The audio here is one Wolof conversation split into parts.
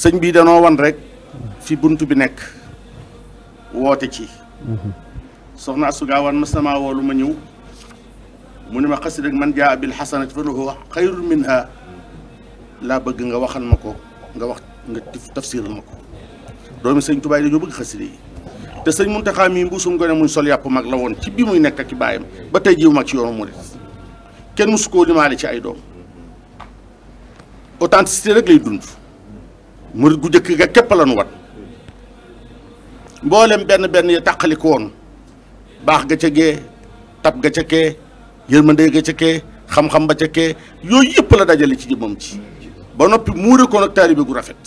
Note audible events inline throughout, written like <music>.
sëñ bii danoo wan rek fi bunt bi nekk woote ci soxna asugaawan mas na maa woolu ma ñëw mu ne ma xasi rek man jaa bil xasanati fa lahu xayrun minha laa bëgg nga waxal ma ko nga wax nga tafsiral ma ko doomi sëñ tubaay dañoo bëgg xasida yi te sëñ Muntaxa mii mbuusum gone muy sol yàpp mag la woon ci bi muy nekk ak baayam ba tey jiw mag ci yoonu murit kenn musu koo limaale ci ay doom authenticité rek lay dund mu gu jëkk ga képp nu wat mboolem benn benn yi tàqaliku woon baax ga ca gee tab ga ca kee yërmande ga ca kee xam-xam ca kee yooyu yëpp la dajale ci jëmmam ci ba noppi muure ko nag taalibe gu rafet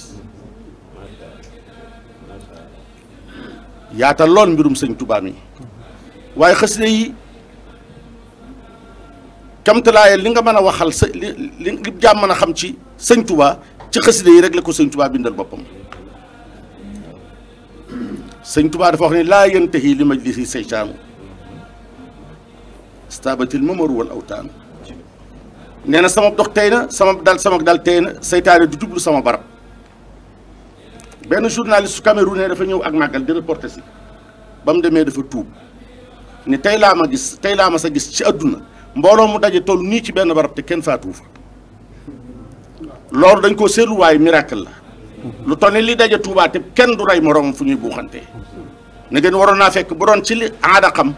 yaata lool mbirum sëñ Tuubaa mi waaye xasida yi kamtalaaye li nga mën a waxal sa li li jàmm a xam ci sëñ Tuubaa ci xasida yi rek la ko sëñ tubaa bindal boppam sëñ tubaa dafa wax ne laa yantahi li majlisi seytaanu stabatil mamaru wal awtaanu nee na sama dox tey na sama dal sama dal tey na seytaane du jublu sama barab benn journaliste camerounais dafa ñëw ak màggal di reporter si ba mu demee dafa tuub ne tey laa ma gis tey laa ma sa gis ci àdduna mbooloo mu daje toll nii ci benn barab te kenn faatu fa loolu dañ koo seetlu waaye la lu toll ni li daje Touba te kenn du rey moroom fu ñuy buuxante ne ngeen waroon naa fekk bu doon ci li aada xam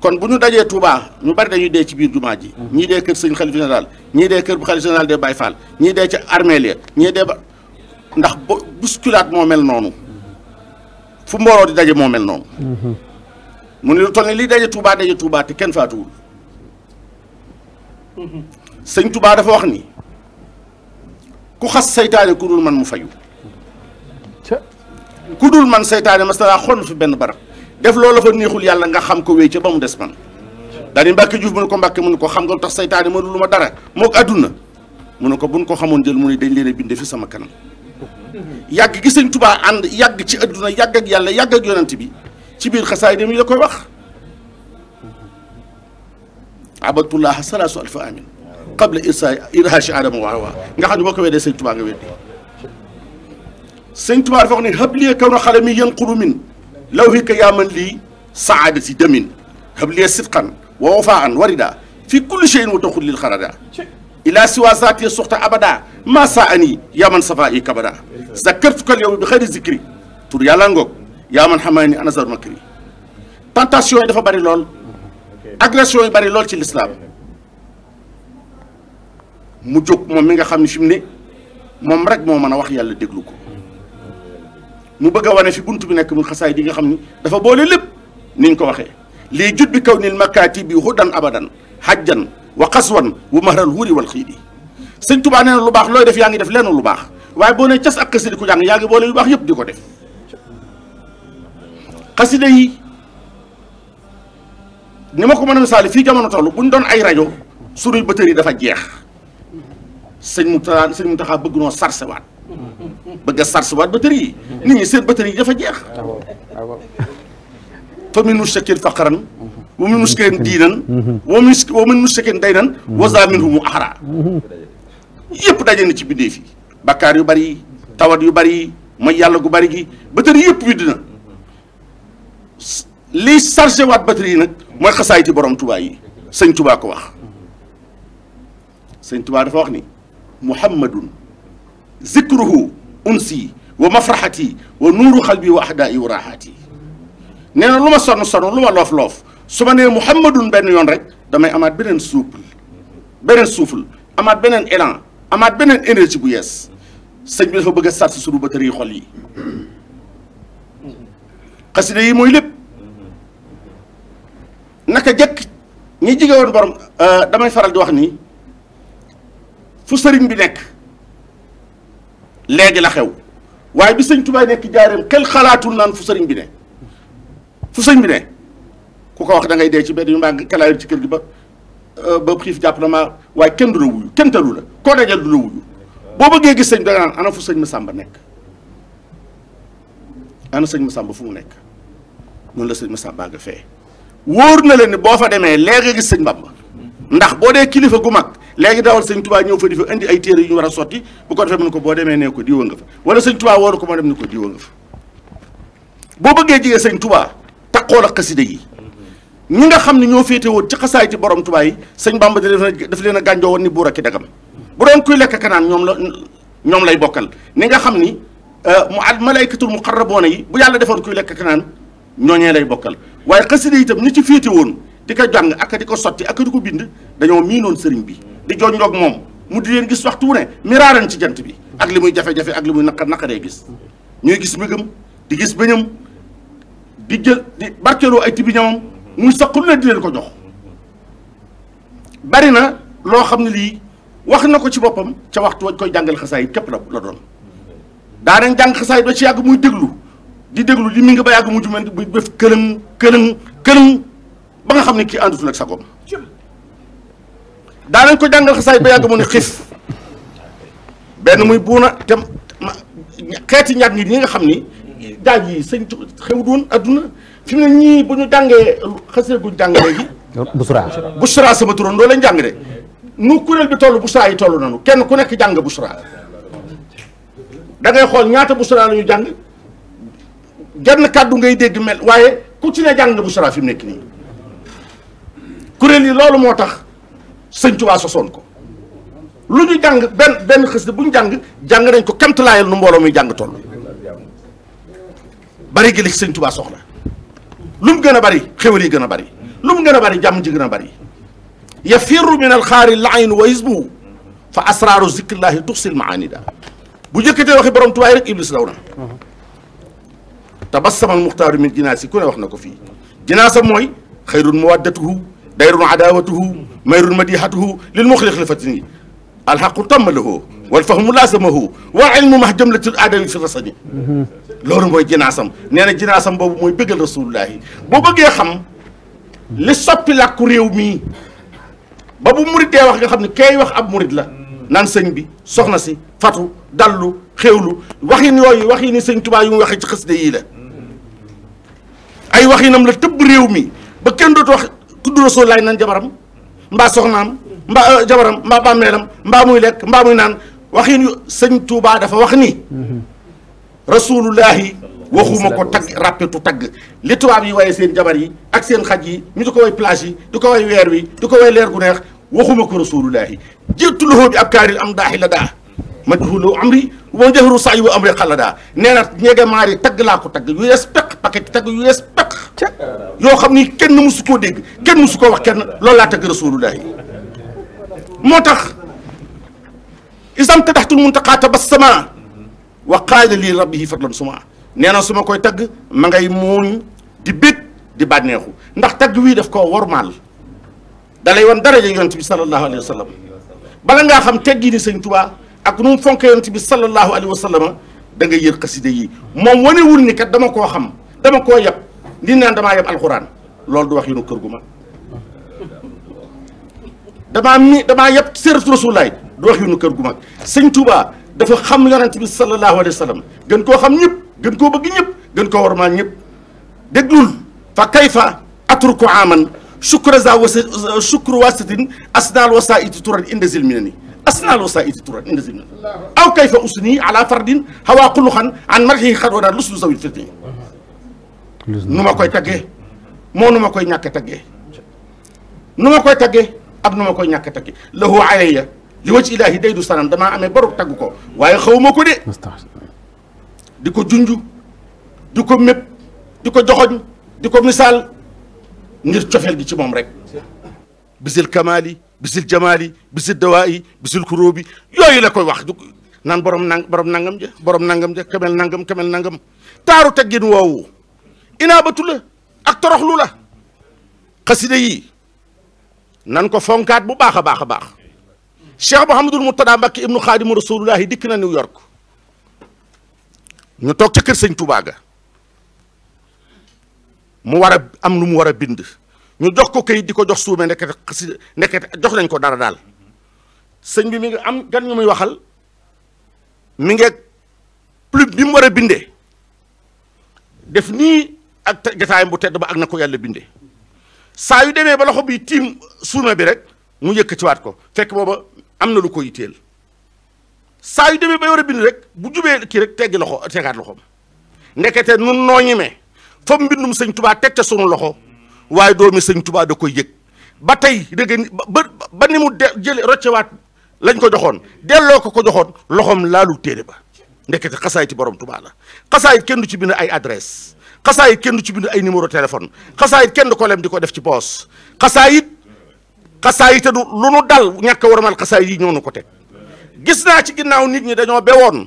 kon bu ñu dajee tuubaa ñu bari dañuy dee ci biir jumaa ji ñii dee kër sëñ xalifa daal ñii dee kër bu xalifa général des Baye Fall ñii dee ci armeel ya ñii dee ndax ba bousculade moo mel noonu fu mbooloo di daje moo mel noonu mu ne lu toll li daje Touba daje Touba te kenn faatuwul sëñ Touba dafa wax ku xas seytaane ku dul man mu fayu ku dul man seytaane masala xonn fi benn barab def loolu fa neexul yàlla nga xam ko wéy ca ba mu des man daani mbàkke juuf mu ne ko mbàkke mu ne ko xam nga lu tax seytaane mënu lu ma dara moog àdduna mu ne ko buñ ko xamoon jël mu ne dañ leen a fi sama kanam yàgg gi sëñ tubaa ànd yàgg ci àdduna yàgg ak yàlla yàgg ak yonent bi ci biir xasaay dem yi la koy wax abatullah salaasu alfa amin qabla irsa irhaashi aadama wa hawaa nga xam ne boo ko weddee sëñ tubaa nga weddi sëñ tubaa dafa wax ne habliya kaw na xale mi yanqulu min lawhika yaa man lii saadati damin habliya sidqan wa wafaan warida fi kulli cheyin wa taxul lil xarada ila siwa zaati soxta abada ma saa ani yaa man safa i kabada zakartukal yow bi xëyri zikri tur yàlla ngoog yaa man xamaa ni anasar makri tentation yi dafa bari lool agression yi bari lool ci lislaam mu jóg moom mi nga xam ne fi ne moom rek moo mën a wax yàlla déglu ko mu bëgg a wane fi bunt bi nekk mu xasaay di nga xam ni dafa boole lépp niñ ko waxee lii jut bi kaw nil makkaati bi hudan abadan hajjan wa qaswan wa mahral huuri wal xiidi sëñ tubaa nee na lu baax looy def yaa ngi def lenn lu baax waaye boo ne ak xasida ku jàng yaa ngi boole lu baax yëpp ko def xasida yi ni ma ko mën a misaali fii jamono toll bu ñu doon ay rajo sunuy bëtër yi dafa jeex sëñ Mountakha sëñ Mountakha bëgg noo sarsewaat bëgg a sarsewaat batterie yi mhm. nit ñi seen batterie yi dafa jeex ah ah fa min mushtakin faqaran mhm. wa min mushtakin diinan mhm. wa min min mushtakin daynan wa daje na ci bindee fi yu bari tawat yu bari ma yàlla gu bari gi batterie yëpp wi dina liy chargé waat batterie yi nag mooy xasaayiti borom Tuubaa yi sëñ Tuubaa wax muhammadun zikruhu unsi wa mafraxati wa nuuru xalbi wa ahdaai wa raaxaati nee lu ma sonn sonn lu ma loof loof su ma nee muhammadun benn yoon rek damay amaat beneen souffle beneen souffle amaat beneen élan amaat beneen énergie bu yees sëñ bi dafa bëgg a sart suñu batari xol yi xasida yi mooy lépp naka jëkk ñi jige woon borom euh, damay faral di wax ni fu sëriñ bi nekk léegi la xew waaye bi sëñ Tuubaa nekk jaareem kel xalaatul naan fu sëriñ bi ne fu sëñ bi ne ku ko wax dangay ngay dee ci benn yu mbaa kalaayu ci kër gi ba euh, ba xiif jàpp na ma waaye kenn du la wuyu kenn talu la koo dajal du la wuyu boo bëggee gis sëñ bi da nga naan ana fu sëñ Masamba nekk ana sëñ Masamba fu mu nekk noonu la sëñ Masamba nga wóor na la ni boo fa demee léegi gis sëñ ndax boo dee kilifa gu mag. léegi dawal sëñ tubaa ñëw fa di fa indi ay téere yu ñu war a sotti bu ko defee mu ko boo demee ne ko diwa nga fa wala sëñ tubaa woonu ko moo dem ne ko diwa nga fa boo bëggee jigee sañ tubaa taxool ak xasida yi ñi nga xam ne ñoo féete woon ci xasaay ci borom tubaa yi sëñ bàmba daf leen a gànjoo ni buur ak dagam bu doon kuy lekk kanaan ñoom la ñoom lay bokkal ni nga xam ni euh, mu at malaaykatul muqarraboona yi bu yàlla defoon kuy lekk kanaan ñooñee lay bokkal waaye xasida itam ñu ci féete woon di ko jàng ak di ko sotti ak di ko bind dañoo miinoon sëriñ bi di jooj ndoog moom mu di leen gis waxtu wu ne miraaran ci jant bi ak li muy jafe-jafe ak li muy naqar naqaree gis ñuy gis mbégam di gis bëñam di jël di barkeeloo ay tibi ñamam muy saqul ne di leen ko jox bari na loo xam ne lii wax na ko ci boppam ca waxtu wañ koy jàngal xasaayit képp la la doon daanañ jàng xasaayit ba ci yàgg muy déglu di déglu di mi ngi ba yàgg mu jumen bu def këlëng këlëng këlëng ba nga xam ne kii àndutul ak sagoom daanañ ko jàngal xasaay ba yàgg mu ne xif benn muy buuna te xeeti ñaat nit ñi nga xam ni daaj yi sëñ xew doon adduna fi mu ne ñii bu ñu jàngee xasee guñ jàng léegi busra busra sama turoon doo leen jàng de nu kuréel bi toll busra yi toll nanu kenn ku nekk jàng busra da ngay xool ñaata busra la ñu jàng genn kàddu ngay dégg mel waaye ku ci ne fi mu nekk nii kuréel yi loolu moo tax sëñ Tuubaa sosoon ko lu ñu jàng benn benn xës bu ñu jàng jàng nañ ko kemtalaayal nu mbooloo muy jàng toll bari gi li sëñ Tuubaa soxla lu mu gën a bari xéwal yi gën a bari lu gën a bari jàmm ji a bari yafirru min alxaari lain wa isbu fa asraaru zikrillahi tuxsil maanida bu jëkkatee waxi borom tubaay rek iblis law na tabassama almuxtaaru min jinaasi ku ne wax na ko fii jinaasa mooy xayrun mawaddatuhu dayrun adawatuhu mayrun madihatuhu lil muxlixlifatini alxaqu tammalahu wal fahmu laasamahu wal ilmu max jëmlati aadawi fi rasani loolu mooy jinaasam nee na jinaasam boobu mooy bëggal rasulullahi boo bëggee xam li soppi làkku réew mii ba bu murit dee wax nga xam ne kay wax ab murit la naan sëñ bi soxna si fatu dallu xéewlu waxin yooyu wax yi ni sëñ Tuubaa yu mu waxee ci xasida yii la ay waxinam la tëbb réew mi ba kenn dootu wax tudd Rasulullah nan jabaram mbaa soxnaam mbaa euh, jabaram mbaa bàmmeelam mbaa muy lekk mbaa muy naan waxin yu sëñ Touba dafa wax ni rasulullahi waxuma ko tagg rappetu tagg li tubaab yi waaye seen jabar yi ak seen xaj yi ñu di ko way plage yi di ko way weer wi di ko way leer gu neex waxuma ko rasulullahi jiitu loxo bi ab kaaril am daaxi la daa ma duxulu amri wa jahru sayi wa amri xala daa nee na ñeege maari tagg laa ko tagg yu yes peq paquet tagg yu yes peq yoo xam ni kenn musu koo dégg kenn musu koo wax kenn loolu laa tagg rasulullah yi moo tax isam tadaxtul muntaqa tabassama wa qaala lii rabbihi fadlan suma nee na su koy tagg ma ngay muuñ di bég di neexu ndax tagg wii def koo wormaal dalay wan daraja yonent bi sallallahu alayhi wa bala ngaa xam teggi ni sëñ tubaa ak nu mu fonkee yonent bi sallallahu alayhi wa sallam da nga yër xaside yi moom wanewul ni kat dama koo xam dama koo yab li naan damaa yem alxuraan loolu du wax yu nu kër gu mag damaa mi damaa yem sëriñ Rasulullaay du wax yu nu kër gu mag sëñ Touba dafa xam yonent bi sallallahu alayhi wa sallam gën koo xam ñëpp gën koo bëgg ñëpp gën koo war maa ñëpp déglul fa kayfa atruku aman shukra za wasi shukru wasitin asnaal wasa iti turan inda zilmina ni asnaal wasa iti turan inda zilmina aw kayfa usni ala fardin hawa xuluxan an marhi xadoona luslu zawil fitni nu ma koy taggee moo nu ma koy ñàkk taggee nu ma koy taggee ak nu ma koy ñàkk taggee lahu alayya li wa ilaahi day du sanam damaa amee borub tagg ko waaye xawma ma ko de di ko junj di ko mépp di ko joxoñ di ko misaal ngir cofeel gi ci moom rek bisil kamaali bisil jamaali bisil dawaayi bisil kuróobi yooyu la koy wax naan borom nang borom nangam ja borom nangam ja nangam kamel nangam taaru teggin woowu inaabatu la ak toroxlu la xasida yi nan ko fonkaat bu baax a baax a baax cheikh mouhamadul murtada mbàkke ibnu xaadimu rasulullahi dikk na new york ñu toog ca kër sëñ Touba mu war a am lu mu war a bind ñu jox ko kayit di ko jox suume ndekete xasida ndekete jox nañ ko dara daal sëñ bi mi ngi am gan ñu muy waxal mi ngeeg plume bi mu war a bindee def nii ak jataayam bu tedd ba ak na ko yàlla bindee saa yu demee ba loxo bi tiim suuna bi rek mu yëkkatiwaat ko fekk booba am na lu koy teel saa yu demee ba war a rek bu jubee kii rek teggi loxo tegaat loxoom ndekete nun noo ñemee fa mbindum sëñ tubaa teg ca sunu loxo waaye doomi sëñ tubaa da koy yëg ba tey dëgg ba ni mu de jële roccewaat lañ ko joxoon delloo ko ko joxoon loxoom laalu téere ba ndekete xasaayiti borom tubaa la xasaayit kenn du ci bind ay adresse xasaayit kenn du ci bind ay numéro téléphone xasaayit kenn du ko lem di ko def ci poos xasaayit xasaayit te du lu nu dal ñàkk a war mal mel xasaayit yi ñoo nu ko teg gis naa ci ginnaaw nit ñi dañoo bewoon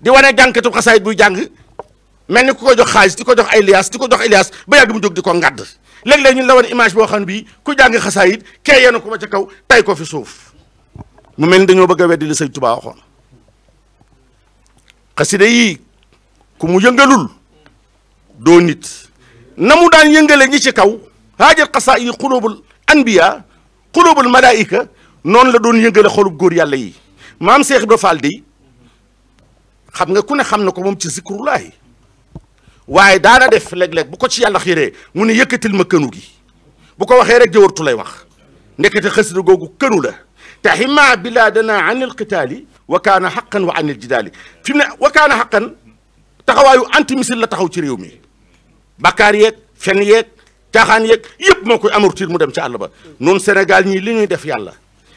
di wane jànkatu xasaayit buy jàng mel ni ku ko jox xaalis di ko jox ay liaas di ko jox ay liaas ba yàgg mu jóg di ko ngàdd léeg-léeg ñun la wan image boo xam ne bii ku jàng xasaayit kee yeenu ko ba ca kaw tay ko fi suuf mu mel ni dañoo bëgg a weddi li sëñ Tuubaa waxoon xasida yii ku doo nit na mu daan yëngale ñi ci kaw haajat xasaa yi xulóobul anbiya xulóobul malaayika noonu la doon yëngale xolub góor yàlla yi maam Cheikh Ibra Fall dey xam nga ku ne xam na ko moom ci zikrullahi waaye daana def léeg-léeg bu ko ci yàlla xiiree mu ne yëkkatil ma kënu gi bu ko waxee rek jëwartu lay wax ndekete xasida googu kënu la te xima bilaadana an alqitaali wa kaana xaqan wa an aljidaali fi mu ne wa kaana xaqan taxawaayu anti misil la taxaw ci réew mi bakkaar yeeg fen yeeg caaxaan yeeg yëpp moo koy amortir mu dem ca àll ba noonu Sénégal ñii li ñuy def yàlla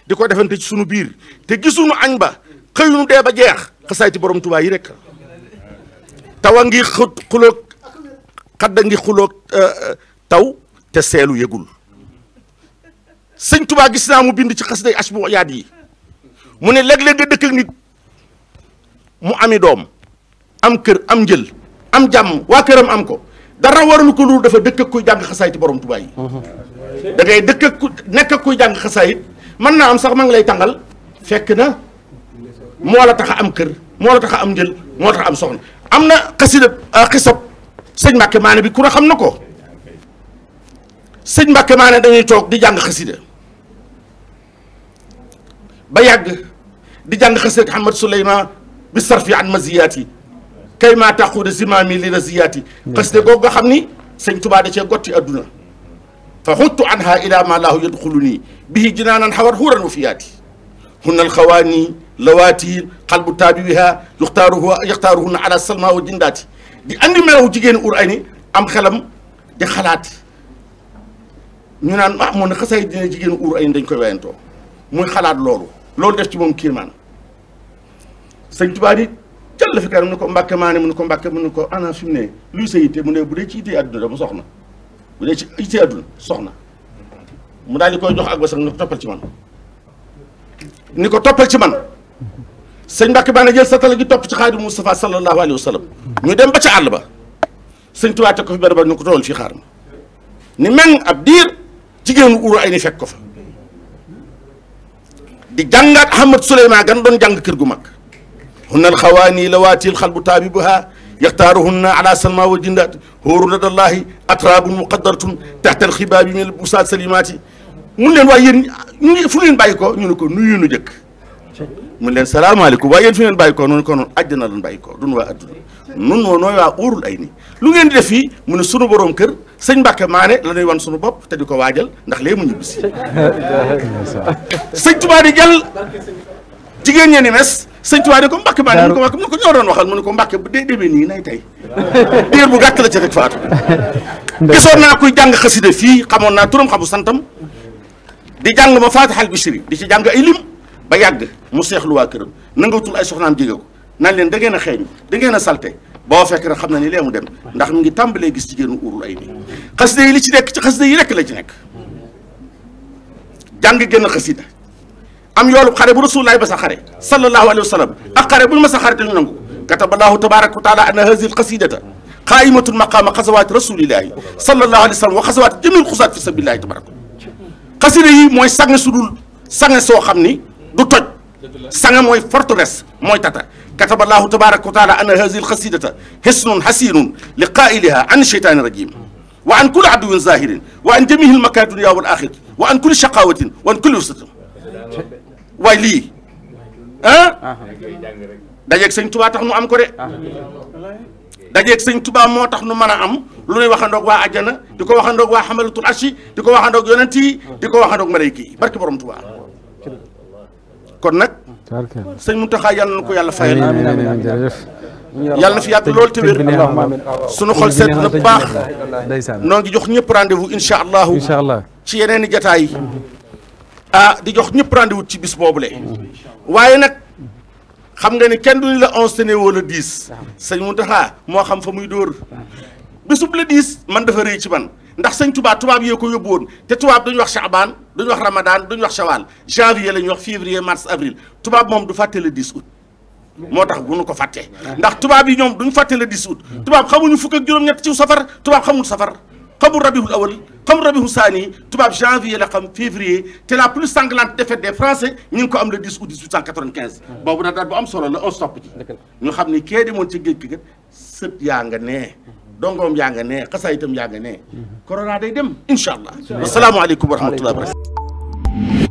di ko defante ci sunu biir te gisuñu añ ba xëyunu dee ba jeex xasaay ci borom Tuubaa yi rek taw ngi xuloog xadda euh, ngi euh, taw te seelu yëgul sëñ Tuubaa gis naa mu bind ci xas day asbu yaat yi mu ne léeg-léeg mu ami doom am kër am njël am jàmm waa këram am ko dara waralu ko loolu dafa dëkk ak kuy jàng xasaayit borom Tuubaa yi da ngay dëkk ku nekk ak kuy jàng xasaayit mën naa am sax ma ngi lay tàngal fekk na moo la tax am kër moo la tax am njël moo tax am soxna am na xasida euh, xisab sëñ Mbàkke Maane bi ku ne xam na ko sëñ Mbàkke Maane dañuy toog di jàng xasida ba yàgg di jàng xasida Ahmad Souleymane bi sarfi an maziyaat yi kay maa tàqu de simaami li raziyaati xasida googu nga xam ni sëñ Tuubaa da cee gotti adduna fa xuttu anha ila ma laahu yadxulu nii bihi jinaanan xawat xuuran wa fiyaati hunna alxawaani lawaati xalbu taabiwiha yuxtaaruhu yaxtaaruhunna ala salma wa jindaati di andi melaw jigéen ur ay ni am xelam di xalaat ñu naan ah moo ne xasay dina jigéen ur ay ni dañ koy wayantoo muy xalaat loolu loolu def ci moom kiimaan sëñ Tuubaa ni cal la fi kaar mu ne ko mbàkke maa mu ne ko mbàkke mu ne ko ana fi mu ne luy sa yitte mu ne bu dee ci yitte àdduna dama soxna soxna mu daal di koy jox ak wasag ni ko toppal ci man ni ko toppal ci man sëñ mbàkke maa ne jël sa tala topp ci xaadimu Mustafa sallallahu alayhi wa sallam ñu dem ba ca àll ba sëñ Tuubaa teg ko fi benn ba ni ko tolol fii xaar ma ni meng ab diir jigéenu uru ay ni fekk ko fa di jàngaat Ahmad Souleymane gan doon jàng kër gu mag hunna alxawaani lawaati alxalbu taabibuha yaxtaaruhunna ala salma wa jindaat hóoru ladallahi atraabun muqaddaratun taxta alxibaabi min albusaat salimaati mun leen waaye yéen ñu ngi fu leen bàyyi ko ñu ne ko nuyu nu jëkk mun leen salaamaaleykum waaye yéen fi ngeen bàyyi ko noonu ko noonu àjjana lan bàyyi ko dun waa adduna nun noo nooy waa óorul ay ni lu ngeen di def fii mu ne sunu borom kër sëñ Mbàkke maane la ñuy wan sunu bopp te di ko waajal ndax léegi mu ñibbisi <laughs> sëñ Tuubaa di jàll jigéen ñee ni mes sëñ Tuubaa ne ko mbàkk baa ne ko mbàkk mu ne ko ñoo doon waxal mu ne ko mbàkk dee demee nii nay tey <laughs> diir bu gàtt la ci rek faatu <laughs> gisoon naa kuy jàng xasida fii xamoon naa turam xamu santam di jàng ma faatixal bisiri di ci jàng ay lim ba yàgg mu seexlu waa këram nangatul ay soxnaam jege ko naan leen da ngeen a xeeñ da ngeen a salte boo fekk rek xam na ni lee mu dem ndax mu ngi tàmbalee gis jigéenu urul ay ni xasida yi li ci nekk ci xasida yi rekk la ci nekk jàng génn xasida am yoolu xare bu rasulullahi ba sa xare sallallahu alayhi wa sallam ak xare bu ñu ma sa xare te ñu nangu kataballahu tabaraka wa taala anna hazihi alqasidata qaimatul maqama xasawaati rasulillahi sallallahu alayhi wa sallam wa xasawaati jamil xusaat fi sabilillahi tabaraka xasida yi mooy sange sudul sange soo xam ni du toj sange mooy forteresse mooy tata kataballahu tabaraka wa taala anna hazihi alqasidata hisnun hasinun li qailiha an sheytaani rajim wa an kulli aduwin zahirin wa an jamihi almakani dunya wal axirati wa an kulli shaqawatin wa an kulli wasatin waay lii ah dajeeg sëñ tubaa tax nu am ko de ah. dajeeg sëñ tubaa moo tax nu mën a am lu nuy waxandoog waa àjjana di ko waxandoog waa xamalatul arshi di ko waxandoog yonent yi di ko waxandoog malayka yi barki borom tubaa kon nag sëñ Muntaxa yàlla na ko yàlla fayal yàlla na fi yàgg lool te wér sunu xol seet na bu baax noo jox ñëpp rendez-vous incha allahu ci yeneen i jataay ah di jox ñëpp rendez-vous ci bis boobule waaye nag xam nga ni kenn duñu la onze tene wala dix sëñ Muntaxa moo xam fa muy dóor bésub la dix man dafa rëy ci man ndax sañ tubaab tubaab yee ko yóbbu woon te tubaab duñu wax Chaabaan duñu wax Ramadan duñu wax Shawal janvier la ñuy wax février mars avril tubaab moom du fàtte le 10 août moo tax bu nu ko fàtte ndax tubaab yi ñoom duñu fàtte le 10 août tubaab xamuñu fukk ak juróom-ñett ci safar tubaab xamul safar xamul rabiul awal xamul rabiul saani tubaab janvier la xam février te la plus sanglante défaite des français ñu ngi ko am le 10 août 1895. boobu nag daal bu am solo la on stop ci. ñu xam ni kee demoon ci géej gi kat sët yaa nga nee. dongoom yaa nga nee xasaay itam yaa nga nee. Mhm. corona day dem incha allah. incha allah asalaamualeykum wa rahmatulah.